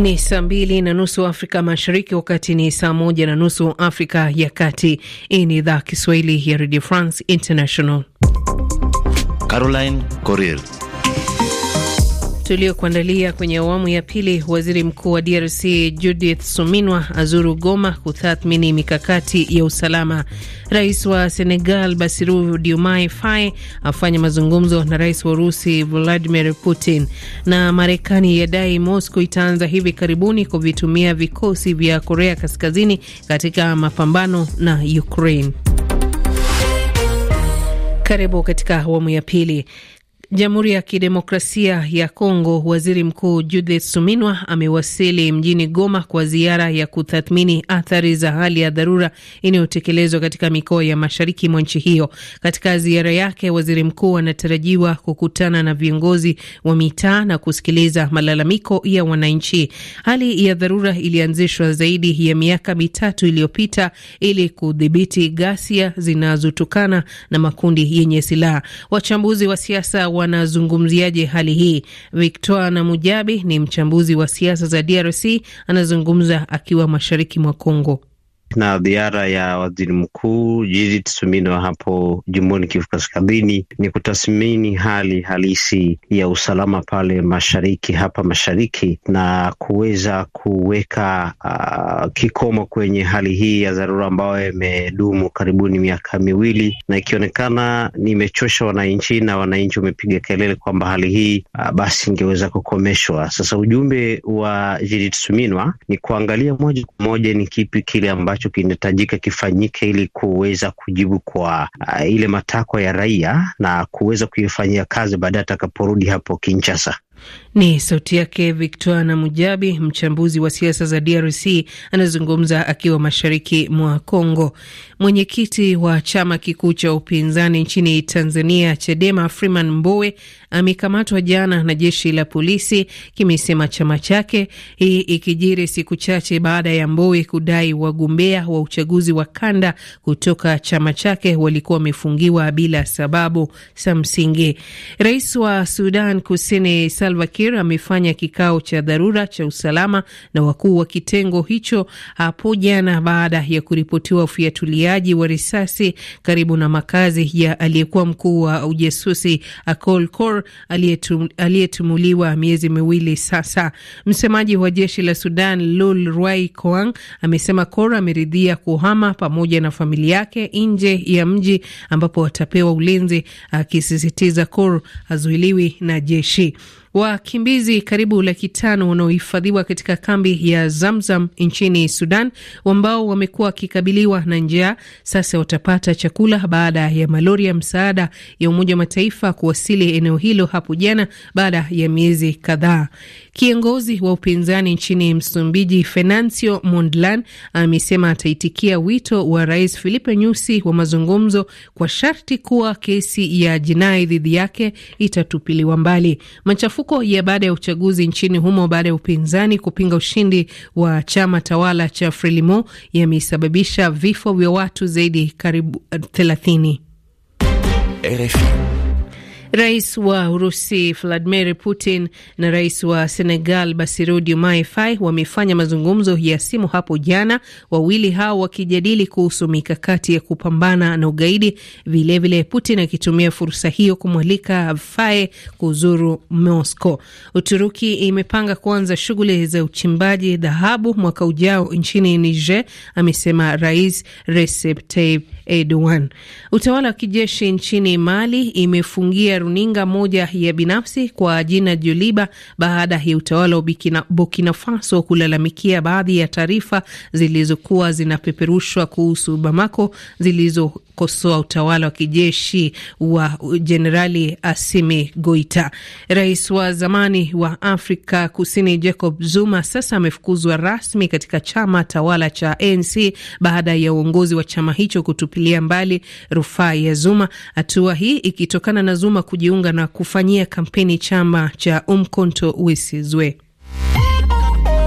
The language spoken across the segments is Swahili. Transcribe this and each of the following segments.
Ni saa mbili na nusu Afrika Mashariki, wakati ni saa moja na nusu Afrika ya Kati. Hii ni idhaa Kiswahili ya Radio France International. Caroline Coril tuliokuandalia kwenye awamu ya pili. Waziri mkuu wa DRC Judith Suminwa azuru Goma kutathmini mikakati ya usalama. Rais wa Senegal basiru Diomaye Faye afanya mazungumzo na rais wa Urusi Vladimir Putin, na Marekani yadai Moscow itaanza hivi karibuni kuvitumia vikosi vya Korea Kaskazini katika mapambano na Ukraine. Karibu katika awamu ya pili. Jamhuri ya Kidemokrasia ya Kongo, waziri mkuu Judith Suminwa amewasili mjini Goma kwa ziara ya kutathmini athari za hali ya dharura inayotekelezwa katika mikoa ya mashariki mwa nchi hiyo. Katika ziara yake, waziri mkuu anatarajiwa kukutana na viongozi wa mitaa na kusikiliza malalamiko ya wananchi. Hali ya dharura ilianzishwa zaidi ya miaka mitatu iliyopita ili kudhibiti ghasia zinazotokana na makundi yenye silaha. Wachambuzi wa siasa wanazungumziaje hali hii? Victor na Mujabi ni mchambuzi wa siasa za DRC, anazungumza akiwa mashariki mwa Kongo na ziara ya waziri mkuu Judith Suminwa hapo jimboni Kivu Kaskazini ni kutathmini hali halisi ya usalama pale mashariki, hapa mashariki, na kuweza kuweka uh, kikomo kwenye hali hii ya dharura ambayo imedumu karibuni miaka miwili na ikionekana nimechosha wananchi na wananchi wamepiga kelele kwamba hali hii uh, basi ingeweza kukomeshwa. Sasa ujumbe wa Judith Suminwa ni kuangalia moja kwa moja ni kipi kile ambacho ambacho kinahitajika kifanyike ili kuweza kujibu kwa uh, ile matakwa ya raia na kuweza kuifanyia kazi baadaye atakaporudi hapo Kinshasa. Ni sauti yake na Mujabi, mchambuzi wa siasa za DRC, anazungumza akiwa mashariki mwa Congo. Mwenyekiti wa chama kikuu cha upinzani nchini Tanzania, Chadema, Freeman Mbowe amekamatwa jana na jeshi la polisi, kimesema chama chake, hii ikijiri siku chache baada ya Mbowe kudai wagombea wa uchaguzi wa kanda kutoka chama chake walikuwa wamefungiwa bila sababu za msingi. Rais wa Sudan Kusini Salva Kiir amefanya kikao cha dharura cha usalama na wakuu wa kitengo hicho hapo jana baada ya kuripotiwa ufiatuliaji wa risasi karibu na makazi ya aliyekuwa mkuu wa ujasusi Akol Kor aliyetumuliwa miezi miwili sasa. Msemaji wa jeshi la Sudan Lul Rwai Koang amesema Kor ameridhia kuhama pamoja na familia yake nje ya mji ambapo watapewa ulinzi, akisisitiza Kor hazuiliwi na jeshi. Wakimbizi karibu laki tano wanaohifadhiwa katika kambi ya Zamzam nchini Sudan, ambao wamekuwa wakikabiliwa na njaa, sasa watapata chakula baada ya malori ya msaada ya Umoja wa Mataifa kuwasili eneo hilo hapo jana baada ya miezi kadhaa. Kiongozi wa upinzani nchini Msumbiji, Fenancio Mondlane, amesema ataitikia wito wa Rais Filipe Nyusi wa mazungumzo kwa sharti kuwa kesi ya jinai dhidi yake itatupiliwa mbali. Machafuko Machafuko ya baada ya uchaguzi nchini humo baada ya upinzani kupinga ushindi wa chama tawala cha Frelimo yamesababisha vifo vya watu zaidi karibu 30. Eh, RFI Rais wa Urusi Vladimir Putin na rais wa Senegal Bassirou Diomaye Faye wamefanya mazungumzo ya simu hapo jana, wawili hao wakijadili kuhusu mikakati ya kupambana na ugaidi. Vilevile vile Putin akitumia fursa hiyo kumwalika Faye kuzuru Moscow. Uturuki imepanga kuanza shughuli za uchimbaji dhahabu mwaka ujao nchini Niger, amesema Rais Recep Tayyip Erdogan. Utawala wa kijeshi nchini Mali imefungia runinga moja ya binafsi kwa jina Joliba baada ya utawala wa Burkina Faso kulalamikia baadhi ya taarifa zilizokuwa zinapeperushwa kuhusu Bamako zilizo kukosoa utawala wa kijeshi wa Jenerali Asimi Goita. Rais wa zamani wa Afrika Kusini Jacob Zuma sasa amefukuzwa rasmi katika chama tawala cha ANC baada ya uongozi wa chama hicho kutupilia mbali rufaa ya Zuma, hatua hii ikitokana na Zuma kujiunga na kufanyia kampeni chama cha Umkhonto we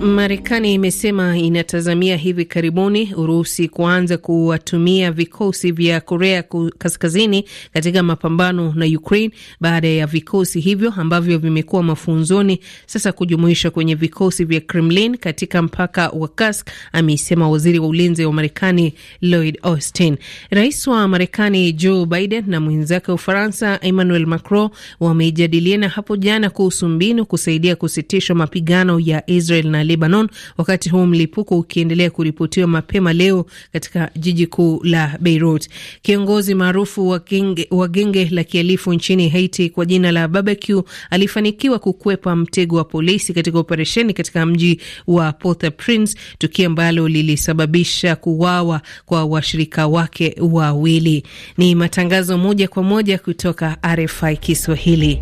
Marekani imesema inatazamia hivi karibuni Urusi kuanza kuwatumia vikosi vya Korea Kaskazini katika mapambano na Ukraine baada ya vikosi hivyo ambavyo vimekuwa mafunzoni sasa kujumuishwa kwenye vikosi vya Kremlin katika mpaka wa Kursk, amesema waziri wa ulinzi wa Marekani Lloyd Austin. Rais wa Marekani Joe Biden na mwenzake wa Ufaransa Emmanuel Macron wamejadiliana hapo jana kuhusu mbinu kusaidia kusitishwa mapigano ya Israel na Lebanon, wakati huu mlipuko ukiendelea kuripotiwa mapema leo katika jiji kuu la Beirut. Kiongozi maarufu wa genge, la kihalifu nchini Haiti kwa jina la Barbecue alifanikiwa kukwepa mtego wa polisi katika operesheni katika mji wa Port-au-Prince, tukio ambalo lilisababisha kuwawa kwa washirika wake wawili. Ni matangazo moja kwa moja kutoka RFI Kiswahili.